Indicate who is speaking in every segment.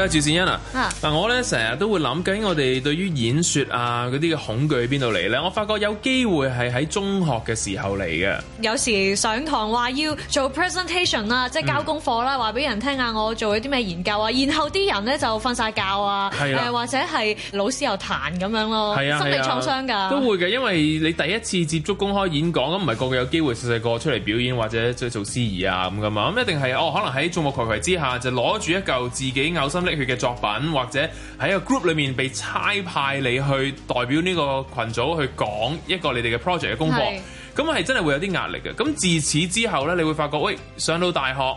Speaker 1: 啊，朱善欣啊，嗱、啊，我咧成日都會諗緊，我哋對於演說啊嗰啲嘅恐懼喺邊度嚟咧？我發覺有機會係喺中學嘅時候嚟
Speaker 2: 嘅。有時上堂話要做 presentation 啦、啊，即係交功課啦，話俾、嗯、人聽下我做咗啲咩研究啊，然後啲人咧就瞓晒覺啊，誒、啊呃、或者係老師又彈咁樣咯，啊、心理創傷㗎、啊啊。都
Speaker 1: 會嘅，因為你第一次接觸公開演講，咁唔係個個有機會細細個出嚟表演或者即係做司儀啊咁㗎嘛，咁、嗯嗯、一定係哦，可能喺眾目睽睽之下就攞住一嚿自己嘔心。佢嘅作品，或者喺一個 group 裏面被差派你去代表呢個群組去講一個你哋嘅 project 嘅功課，咁係是真係會有啲壓力嘅。咁自此之後咧，你會發覺，喂、哎，上到大學。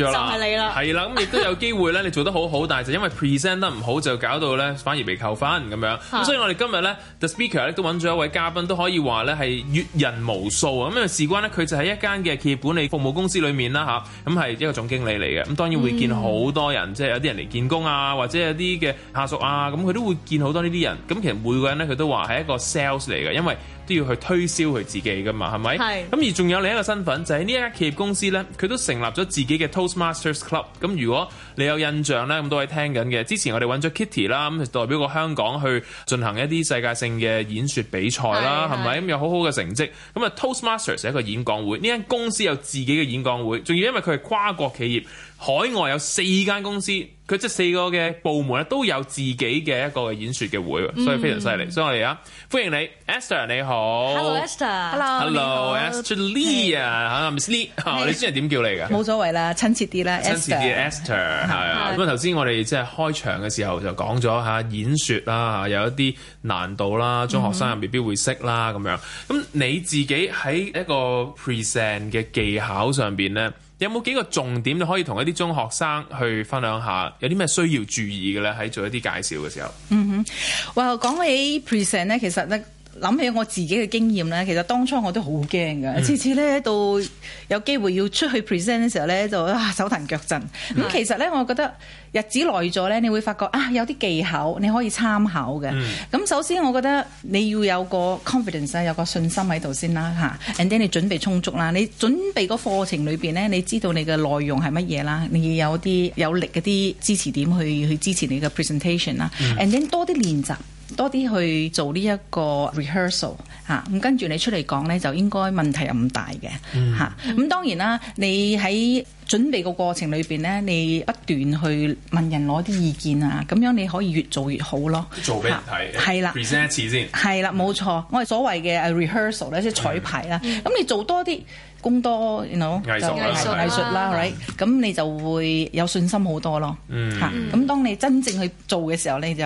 Speaker 2: 就係
Speaker 1: 你啦， 係啦，咁亦都有機會咧。你做得好好， 但係就因為 present 得唔好，就搞到咧反而被扣翻咁樣。咁 所以我哋今日咧，the speaker 咧都揾咗一位嘉賓，都可以話咧係閱人無數啊。咁因為事關咧，佢就喺一間嘅企業管理服務公司裏面啦吓，咁係一個總經理嚟嘅。咁當然會見好多人， 即係有啲人嚟見工啊，或者有啲嘅下屬啊，咁佢都會見好多呢啲人。咁其實每個人咧，佢都話係一個 sales 嚟嘅，因為，都要去推銷佢自己㗎嘛，係咪？咁是而仲有另一個身份就係呢一間企業公司呢，佢都成立咗自己嘅 Toastmasters Club。咁如果你有印象呢，咁都喺聽緊嘅。之前我哋揾咗 Kitty 啦，咁代表過香港去進行一啲世界性嘅演說比賽啦，係咪咁有好好嘅成績？咁啊 Toastmasters 係一個演講會，呢間公司有自己嘅演講會，仲要因為佢係跨國企業，海外有四間公司。佢即係四個嘅部門咧，都有自己嘅一個演説嘅會，所以非常犀利。嗯、所以我哋啊，歡迎你，Esther 你好。Hello
Speaker 3: Esther、hey. hey.。Hello。Hello Esther
Speaker 1: Lee 啊，嚇 Miss Lee，嚇你通常點叫你㗎？冇
Speaker 3: 所謂啦，親切啲啦。親切啲
Speaker 1: ，Esther 係啊。咁啊，頭先我哋即係開場嘅時候就講咗嚇演説啦，嚇有一啲難度啦，中學生又未必會識啦咁樣。咁、嗯、你自己喺一個 present 嘅技巧上邊咧？有冇幾個重點你可以同一啲中學生去分享下？有啲咩需要注意嘅咧？喺做一啲介紹嘅時候，嗯
Speaker 3: 哼，哇！講起 presentation，其實咧，諗起我自己嘅經驗咧，其實當初我都好驚㗎，嗯、次次咧到有機會要出去 present 嘅時候咧，就、啊、手騰腳震。咁、嗯、其實咧，我覺得日子耐咗咧，你會發覺啊，有啲技巧你可以參考嘅。咁、嗯、首先，我覺得你要有個 confidence 啊，有個信心喺度先啦吓、啊、And then 你準備充足啦，你準備個課程裏邊咧，你知道你嘅內容係乜嘢啦，你要有啲有力嗰啲支持點去去支持你嘅 presentation 啦、嗯。And then 多啲練習。多啲去做呢一個 rehearsal 嚇，咁跟住你出嚟講咧，就應該問題又唔大嘅嚇。咁當然啦，你喺準備個過程裏邊咧，你不斷去問人攞啲意見啊，咁樣你可以越做越好咯。
Speaker 1: 做俾人睇，係啦，present 先，
Speaker 3: 係啦，冇錯，我哋所謂嘅 rehearsal 咧，即係彩排啦。咁你做多啲，工多，you know 藝術啦，藝術啦，咁你就會有信心好多咯。嚇，咁當你真正去做嘅時候咧，就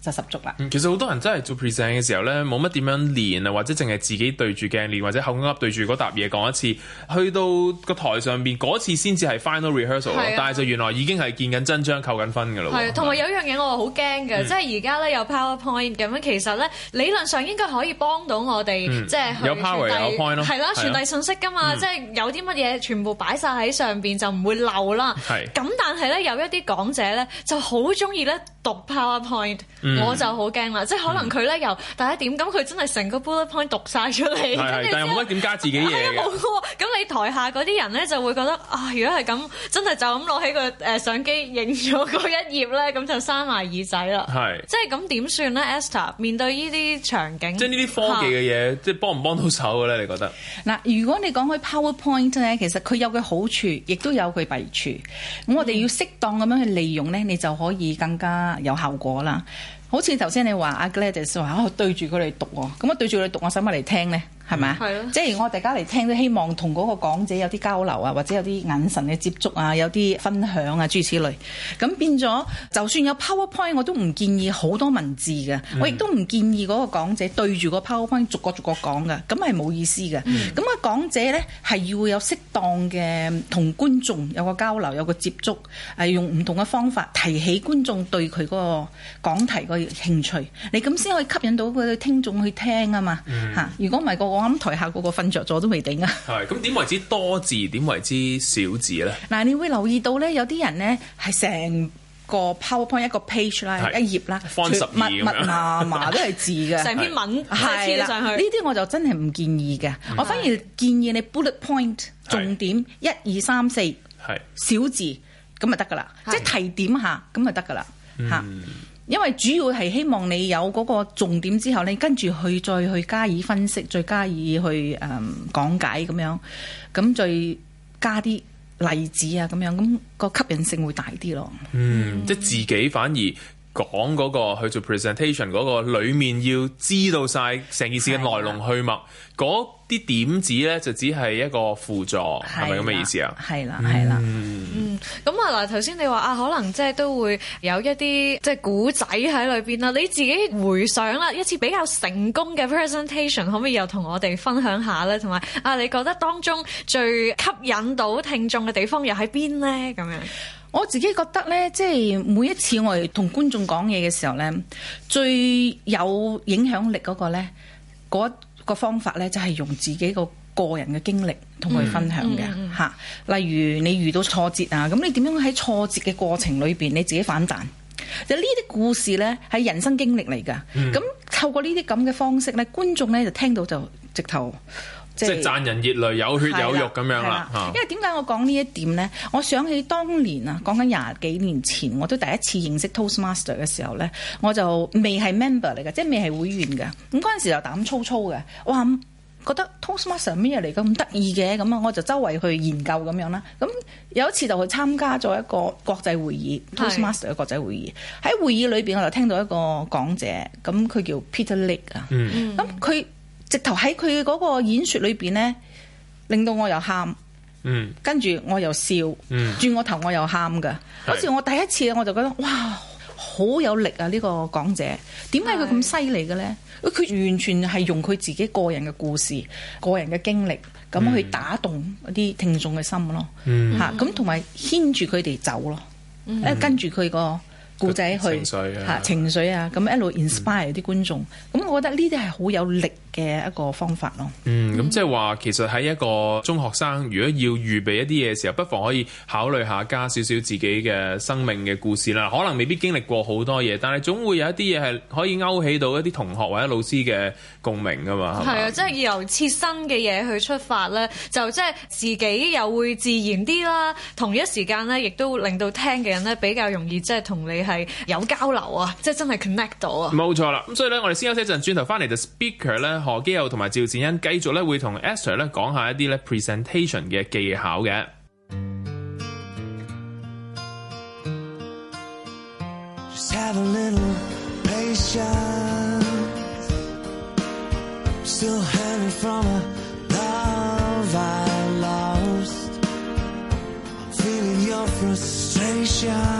Speaker 3: 就十足
Speaker 1: 啦、嗯。其實好多人真係做 present 嘅時候咧，冇乜點樣練啊，或者淨係自己對住鏡練，或者口噏對住嗰沓嘢講一次。去到個台上邊嗰次先至係 final rehearsal，啊、但係就原來已經係見緊真章、扣緊分嘅啦。
Speaker 2: 同埋有一樣嘢我好驚嘅，嗯、即係而家咧有 PowerPoint 咁樣，其實咧理論上應該可以幫到我哋，即係、嗯、有 Power 有 Point 咯、啊，係啦，傳遞信息㗎嘛，啊、即係有啲乜嘢全部擺晒喺上邊就唔會漏啦。係咁是，但係咧有一啲講者咧就好中意咧讀 PowerPoint、嗯。我就好驚啦，即係可能佢咧又第一點，咁佢、嗯、真係成個 bullet point 讀晒出嚟，的後後但係唔可
Speaker 1: 以點加自己嘢。
Speaker 2: 咁你台下嗰啲人咧就會覺得啊，如果係咁，真係就咁攞起個誒相機影咗嗰一頁咧，咁就閂埋耳仔啦。係的，即係咁點算咧？Esther 面對呢啲場景，即係呢啲科
Speaker 1: 技嘅嘢，啊、即係幫唔幫到手嘅咧？你覺得？
Speaker 3: 嗱，如果你講佢 PowerPoint 咧，其實佢有佢好處，亦都有佢弊處。咁我哋要適當咁樣去利用咧，你就可以更加有效果啦。好似頭先你話阿 Gladys 話哦，對住佢哋讀喎，咁我對住佢哋讀，我使乜嚟聽咧？係咪？嗯、即係我哋而家嚟聽都希望同嗰個講者有啲交流啊，或者有啲眼神嘅接觸啊，有啲分享啊諸如此類。咁變咗，就算有 PowerPoint 我都唔建議好多文字嘅，嗯、我亦都唔建議嗰個講者對住個 PowerPoint 逐、逐個逐個講嘅，咁係冇意思嘅。咁啊、嗯、講者咧係要有適當嘅同觀眾有個交流，有個接觸，係、啊、用唔同嘅方法提起觀眾對佢嗰個講題個興趣。你咁先可以吸引到佢啲聽眾去聽啊嘛。嚇、嗯啊，如果唔係、嗰個。我諗台下個個瞓着咗都未定啊！係，
Speaker 1: 咁點為之多字？點為之少字咧？
Speaker 3: 嗱，你會留意到咧，有啲人咧係成個 PowerPoint 一個 page 啦、一頁啦，密密麻麻都係字嘅，成篇文係啦。呢啲我就真係唔建議嘅，我反而建議你 bullet point 重點一二三四，係少字咁咪得噶啦，即係提點下咁咪得噶啦，嚇。因為主要係希望你有嗰個重點之後，你跟住去再去加以分析，再加以去誒、嗯、講解咁樣，咁再加啲例子啊咁樣，咁個吸引性會大啲咯。嗯，
Speaker 1: 即自己反而。講嗰個去做 presentation 嗰個裏面要知道晒成件事嘅來龍去脈，嗰啲是的 點子咧就只係一個輔助，係咪咁嘅意思啊？
Speaker 4: 係啦，
Speaker 2: 係
Speaker 1: 啦。嗯，
Speaker 2: 咁啊嗱，頭先你話啊，可能即係都會有一啲即係古仔喺裏邊啊，你自己回想啦一次比較成功嘅 presentation，可唔可以又同我哋分享下咧？同埋啊，你覺得當中最吸引到
Speaker 3: 聽眾嘅地方又喺邊咧？咁樣。我自己覺得呢，即係每一次我哋同觀眾講嘢嘅時候呢，最有影響力嗰個呢，嗰個方法呢，就係用自己個個人嘅經歷同佢分享嘅嚇。嗯嗯、例如你遇到挫折啊，咁你點樣喺挫折嘅過程裏邊你自己反彈？就呢啲故事呢，係人生經歷嚟㗎。咁、嗯、透過呢啲咁嘅方式呢，觀眾呢就聽到就直頭。
Speaker 1: 即係賺人熱淚，有血有肉咁的樣啦，的因為
Speaker 3: 點解我講呢一點咧？我想起當年啊，講緊廿幾年前，我都第一次認識 Toastmaster 嘅時候咧，我就未係 member 嚟嘅，即係未係會員嘅。咁嗰陣時就膽粗粗嘅，嘩覺得 Toastmaster 係咩嚟㗎？咁得意嘅咁啊！我就周圍去研究咁樣啦。咁有一次就去參加咗一個國際會議是的，Toastmaster 嘅國際會議。喺會議裏邊我就聽到一個講者，咁佢叫 Peter Lick 啊。咁佢。直頭喺佢嗰個演說裏邊呢，令到我又喊，嗯，跟住我又笑，嗯，轉我頭我又喊噶，好似我第一次我就覺得哇，好有力啊！呢個講者，點解佢咁犀利嘅呢？佢完全係用佢自己個人嘅故事、個人嘅經歷，咁去打動一啲聽眾嘅心咯，吓咁同埋牽住佢哋走咯，跟住佢個故仔去情緒啊，咁一路 inspire 啲觀眾，咁我覺得呢啲係好有力。嘅一個方法咯。
Speaker 1: 嗯，咁即係話，其實喺一個中學生，如果要預備一啲嘢嘅時候，不妨可以考慮下加少少自己嘅生命嘅故事啦。可能未必經歷過好多嘢，但係總會有一啲嘢係可以勾起到一啲同學或者老師嘅共鳴㗎嘛。係啊，
Speaker 2: 即係由切身嘅嘢去出發咧，就即係自己又會自然啲啦。同一時間咧，亦都會令到聽嘅人咧比較容易即係同你係有交流啊，即係真係 connect 到啊。
Speaker 1: 冇錯啦，咁所以咧，我哋先休息一陣，轉頭翻嚟就 speaker 啦。何基佑同埋趙善恩繼續咧會同 Esther 咧講下一啲咧 presentation 嘅技巧
Speaker 4: 嘅。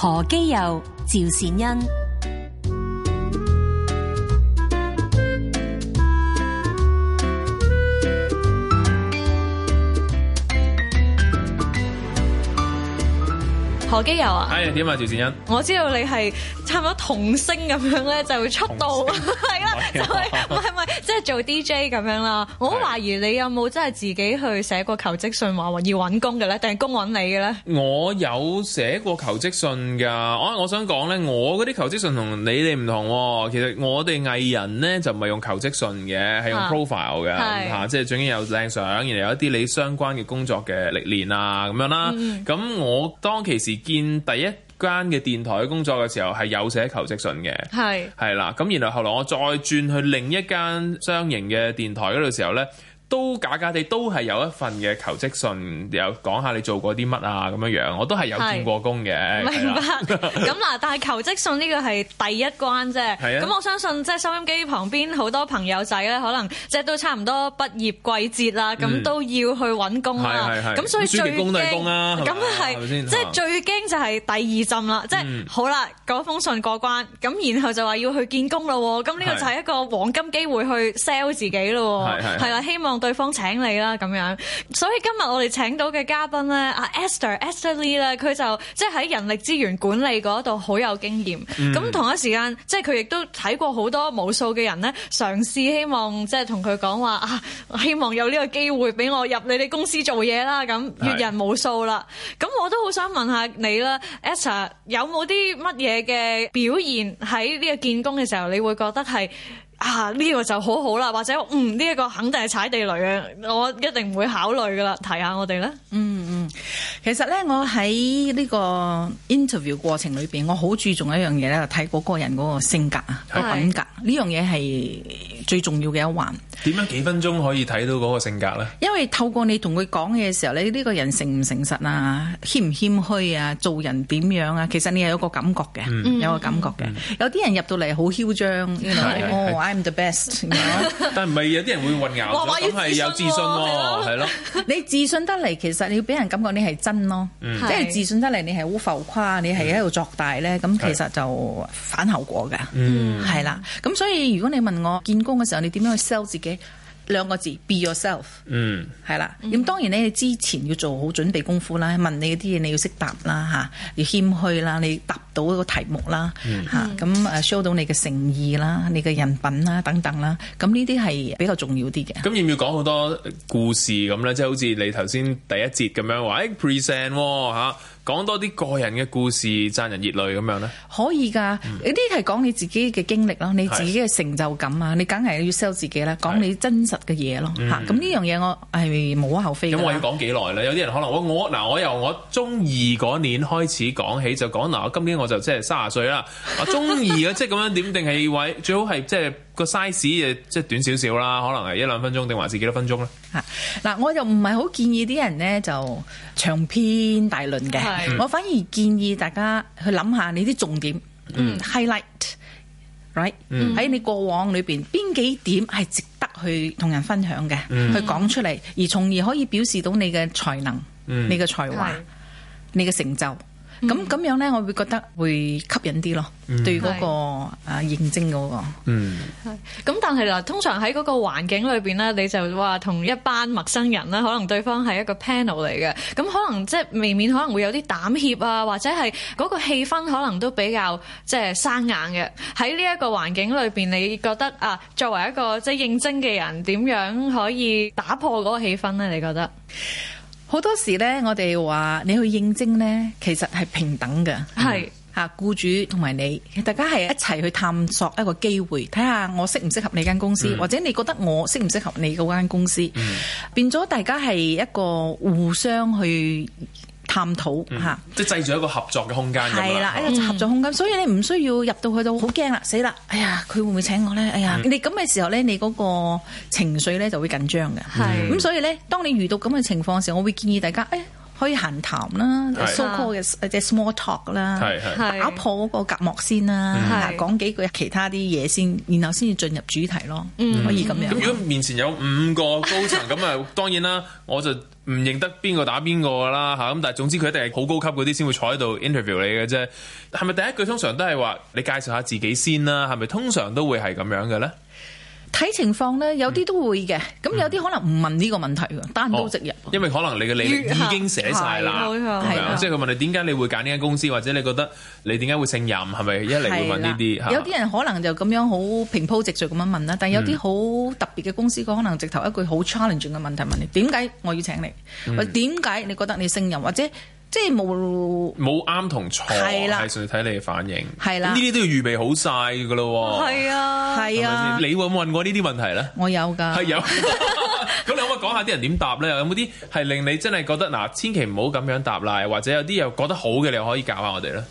Speaker 2: 何基佑、趙善恩、
Speaker 1: 何基佑啊？哎，點啊趙善恩？
Speaker 2: 我知道你係。差唔多童星咁樣咧，就會出道，係啦，就係唔係唔係，即係做 DJ 咁樣啦。 我好懷疑你有冇真係自己去寫過求職信，話話要揾工嘅咧，定係工揾你
Speaker 1: 嘅咧？我有寫過求職信㗎、哎。我我想講咧，我嗰啲求職信你同你哋唔同。其實我哋藝人咧就唔係用求職信嘅，係用 profile 嘅吓，即係總之有靚相，然後有一啲你相關嘅工作嘅歷練啊咁樣啦。咁、嗯、我當其時見第一間嘅電台工作嘅時候係有寫求職信嘅，係係啦，咁然後後來我再轉去另一間商營嘅電台嗰度時候呢。都假假哋都係有一份嘅求職信，又講下你做過啲乜啊咁樣樣我都係有見過工嘅。明白。咁
Speaker 2: 嗱，但係求職信呢個係第一關啫。係啊。咁我相信即係收音機旁邊好多朋友仔咧，可能即係都差唔多畢業季節啦，咁都要去揾工啦。係係係。咁所以最驚啊，咁啊係，即係最驚就係第二陣啦。即係好啦，嗰封信過關，咁然後就話要去見工咯。咁呢個就係一個黃金機會去 sell 自己咯。係係。係啦，希望。對方請你啦，咁樣，所以今日我哋請到嘅嘉賓咧，阿 Esther，Esther Lee 咧，佢就即係喺人力資源管理嗰度好有經驗。咁、嗯、同一時間，即係佢亦都睇過好多無數嘅人咧，嘗試希望即係同佢講話啊，希望有呢個機會俾我入你哋公司做嘢啦。咁閱人無數啦，咁是我都好想問下你啦，Esther，有冇啲乜嘢嘅表現喺呢個見工嘅時候，你會覺得係？啊！呢個就好好啦，或者嗯，呢一個肯定係踩地雷啊，我一定唔會考慮噶啦。提下我哋啦，嗯
Speaker 3: 嗯，其實咧，我喺呢個 interview 過程裏邊，我好注重一樣嘢咧，睇嗰個人嗰個性格啊，嗰個品格呢樣嘢係最重要嘅一環。
Speaker 1: 點樣幾分鐘可以睇到嗰個性格咧？
Speaker 3: 因為透過你同佢講嘢嘅時候咧，呢個人誠唔誠實啊，謙唔謙虛啊，做人點樣啊，其實你係有個感覺嘅，有個感覺嘅。有啲人入到嚟好囂張，我話，the best，you know?
Speaker 1: 但唔係，有啲人會混淆，咁係 有自信咯，係
Speaker 3: 咯。你自信得嚟，其實你要俾人感覺你係真咯，嗯、即係自信得嚟你係好浮誇，你係喺度作大咧，咁其實就反效果嘅，
Speaker 4: 係啦、嗯。
Speaker 3: 咁所以如果你問我見工嘅時候，你點樣去 sell 自己？兩個字，be yourself 嗯。嗯，係啦。咁當然咧，你之前要做好準備功夫啦。問你啲嘢，你要識答啦嚇，要謙虛啦，你答到個題目啦嚇，咁誒 show 到你嘅誠意啦，你嘅人品啦等等啦。咁呢啲係比較重要啲嘅。咁、
Speaker 1: 嗯嗯、要唔要講好多故事咁咧？即係好似你頭先第一節咁樣話，誒 present 嚇。哎呃呃呃呃講多啲個人嘅故事，賺人熱淚咁樣咧，
Speaker 3: 可以噶，呢啲係講你自己嘅經歷咯，你自己嘅成就感啊，是你梗係要 sell 自己啦，講你真實嘅嘢咯，吓，咁、嗯、呢樣嘢我係無可厚非。咁、嗯、我要
Speaker 1: 講幾耐咧？有啲人可能我我嗱、呃，我由我中二嗰年開始講起，就講嗱、呃，我今年我就即係卅歲啦，啊 中二啊，即係咁樣點定係位，最好係即係。個 size 即係短少少啦，可能係一兩分鐘定還是幾多分鐘咧？吓
Speaker 3: 嗱、啊，我又唔係好建議啲人呢就長篇大論嘅，的我反而建議大家去諗下你啲重點、嗯、，highlight，right？喺、嗯、你過往裏邊邊幾點係值得去同人分享嘅，嗯、去講出嚟，而從而可以表示到你嘅才能、嗯、你嘅才華、的你嘅成就。咁咁、嗯、樣咧，我會覺得會吸引啲咯，嗯、對嗰個啊認真嗰、嗰個。是嗯，
Speaker 2: 咁但係嗱，通常喺嗰個環境裏邊咧，你就話同一班陌生人啦，可能對方係一個 panel 嚟嘅，咁可能即係未免可能會有啲膽怯啊，或者係嗰個氣氛可能都比較即係、就是、生硬嘅。喺呢一個環境裏邊，你覺得啊，作為一個即係、就是、認真嘅人，點樣
Speaker 3: 可以打破嗰個氣氛呢？你覺得？好多時呢，我哋話你去應徵呢，其實係平等嘅，係嘛，僱主同埋你，大家係一齊去探索一個機會，睇下我適唔適合你間公司，嗯、或者你覺得我適唔適合你嗰間公司，嗯、變咗大家係一個互相去。探討吓，
Speaker 1: 嗯、即係製造一個合作嘅空間，係啦的、嗯、一個
Speaker 3: 合作空間，嗯、所以你唔需要入到去就好驚啦，死啦！哎呀，佢會唔會請我咧？哎呀，嗯、你咁嘅時候咧，你嗰個情緒咧就會緊張嘅，係咁、嗯、所以咧，當你遇到咁嘅情況嘅時候，我會建議大家，誒、哎。可以閒談啦，so call 嘅啊即 small talk 啦，打破嗰個隔膜先啦，講是幾句其他啲嘢先，然後先至進入主題咯，嗯、可以咁樣。咁、嗯、如果
Speaker 1: 面前有五個高層，咁啊 當然啦，我就唔認得邊個打邊個噶啦嚇，咁但係總之佢一定係好高級嗰啲先會坐喺度 interview 你嘅啫。係咪第一句通常都係話你介紹下自己先啦？係咪通常都會係咁樣嘅咧？
Speaker 3: 睇情況咧，有啲都會嘅，咁有啲可能唔問呢個問題嘅，單刀直入。
Speaker 1: 因為可能你嘅履歷已經寫曬啦，係啦，即係佢問你點解你會揀呢間公司，或者你覺得你點解會勝任，係咪一嚟會問呢啲？嚇，有啲
Speaker 3: 人可能就咁樣好平鋪直敍咁樣問啦，但係有啲好特別嘅公司，佢可能直頭一句好 challenge 嘅問題問你：點解我要請你？或點解你覺得你勝任？或者即係冇
Speaker 1: 冇啱同錯係啦，睇你嘅反應係啦，呢啲都要預備好晒嘅咯。係
Speaker 3: 啊，係啊，你
Speaker 1: 問唔問過呢啲問題咧？
Speaker 3: 我有噶，係
Speaker 1: 有。咁你可唔可以講下啲人點答咧？有冇啲係令你真係覺得嗱，千祈唔好咁樣答啦？或者有啲又覺得好嘅，你可以教下我哋咧。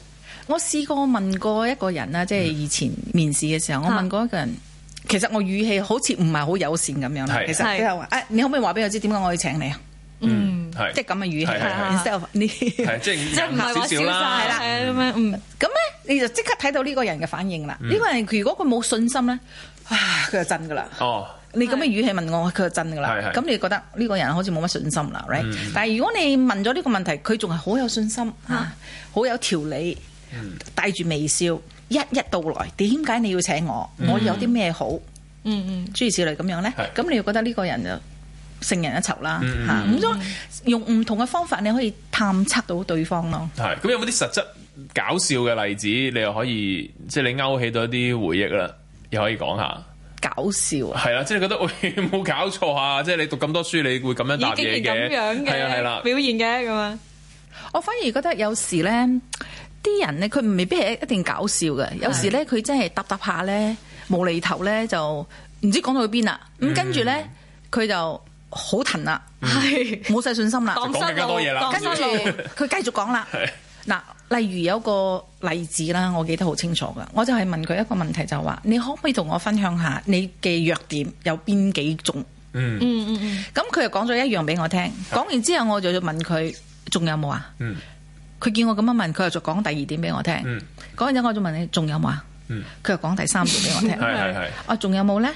Speaker 3: 我試過問過一個人啦，即係以前面試嘅時候，我問過一個人，其實我語氣好似唔係好友善咁樣。其實，佢又話：，誒，你可唔可以話俾我知點解我要請你啊？嗯，即係咁嘅語氣，即係即係唔係話笑晒啦咁樣。咁咧你就即刻睇到呢個人嘅反應啦。呢個人如果佢冇信心咧，啊，佢就真噶啦。哦，你咁嘅語氣問我，佢就真噶啦。咁你覺得呢個人好似冇乜信心啦 right？但係如果你問咗呢個問題，佢仲係好有信心，吓，好有條理，帶住微笑一一道來。點解你要請我？我有啲咩好？嗯嗯，諸如此類咁樣咧。咁你又覺得呢個人就？勝人一籌啦嚇，咁所、嗯嗯啊、用唔同嘅方法，你可以探測到對方咯。
Speaker 1: 係咁有冇啲實質搞笑嘅例子？你又可以即係、就是、你勾起到一啲回憶啦，又可以講下搞笑啊？即係、啊就是、覺得我冇搞錯啊！即、就、係、是、你讀咁多書，你會咁樣答嘢嘅係啦，表
Speaker 3: 現嘅咁啊。我反而覺得有時咧，啲人咧佢未必係一定搞笑嘅。有時咧佢真係搭搭下咧，無厘頭咧就唔知講到去邊啦。咁跟住咧佢就。好疼啦，係冇晒信心啦，講更加多嘢啦。跟住佢繼續講啦，嗱，例如有個例子啦，我記得好清楚噶。我就係問佢一個問題，就話你可唔可以同我分享下你嘅弱點有邊幾種？嗯嗯嗯，咁佢又講咗一樣俾我聽。講完之後，我就要問佢仲有冇啊？佢見我咁樣問，佢就講第二點俾我聽。嗯。講完之後，我就問你仲有
Speaker 4: 冇
Speaker 3: 啊？佢又講第三點俾我聽。
Speaker 4: 係
Speaker 3: 係係。啊，仲有冇咧？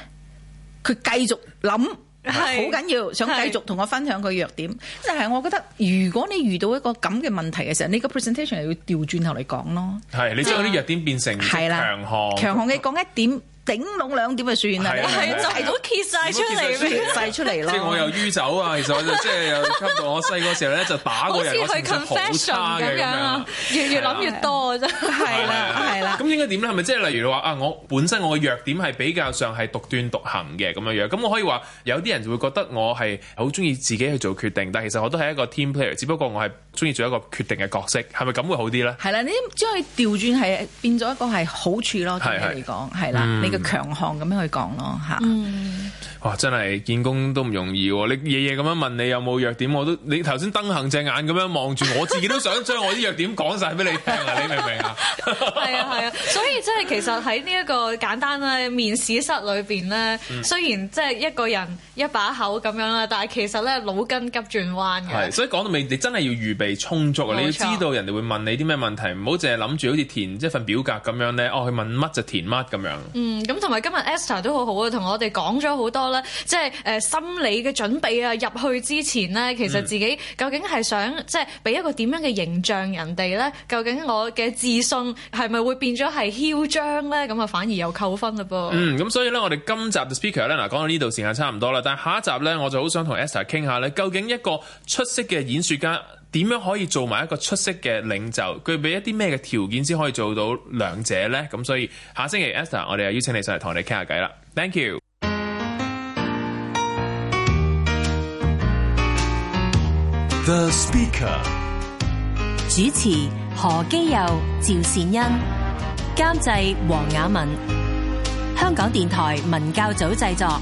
Speaker 3: 佢繼續諗。係好緊要，是想繼續同我分享個弱點。是但係我覺得，如果你遇到一個咁嘅問題嘅時候，你個 presentation 係會調轉頭嚟講咯。
Speaker 1: 係，你將嗰啲弱點變成強項。強項
Speaker 3: 你講一點。頂窿兩點就算啦，提
Speaker 1: 早
Speaker 2: 揭晒出嚟，晒
Speaker 3: 出嚟咯。即
Speaker 1: 係我又於走啊，其實我就即係又給我細個時候咧就打過人去 Confession 咁樣，
Speaker 2: 越越諗越多啫。係啦，係啦。
Speaker 1: 咁應該點咧？係咪即係例如你話啊？我本身我嘅弱點係比較上係獨斷獨行嘅咁樣樣。咁我可以話有啲人就會覺得我係好中意自己去做決定，但其實我都係一個 team player，只不過我係中意做一個決定嘅角色，係咪咁會好啲咧？
Speaker 3: 係啦，你將佢調轉係變咗一個係好處咯，對你嚟講係啦，強項咁樣去講咯嚇，
Speaker 1: 嗯、哇！真係見工都唔容易喎、啊。你夜夜咁樣問你有冇弱點，我都你頭先瞪行隻眼咁樣望住，我自己都想將我啲弱點講晒俾你聽啦。 你明唔明 啊？係啊
Speaker 2: 係啊，所以即係其實喺呢一個簡單咧面試室裏邊咧，嗯、雖然即係一個人一把口咁樣啦，但係其實咧腦筋急轉彎嘅。
Speaker 1: 所以講到尾你真係要預備充足，冇錯。你要知道人哋會問你啲咩問題，唔好淨係諗住好似填一份表格咁樣咧。哦，佢、哦、問乜就填乜咁樣。哦
Speaker 2: 哦咁同埋今日 Esther 都好好啊，同我哋講咗好多啦，即係誒、呃、心理嘅準備啊，入去之前咧，其實自己究竟係想即係俾一個點樣嘅形象人哋咧？究竟我嘅自信係咪會變咗係囂張咧？咁啊反而有扣分嘞噃。嗯，
Speaker 1: 咁所以咧，我哋今集嘅 speaker 咧，嗱講到呢度時間差唔多啦，但係下一集咧，我就好想同 Esther 傾下咧，究竟一個出色嘅演說家。點樣可以做埋一個出色嘅領袖？具備一啲咩嘅條件先可以做到兩者咧？咁所以下星期 Esther 我哋又邀請你上嚟同我哋傾下偈啦。Thank you。
Speaker 4: The speaker
Speaker 2: 主持何基佑、趙善恩，監製黃雅文，香港電台文教組製作。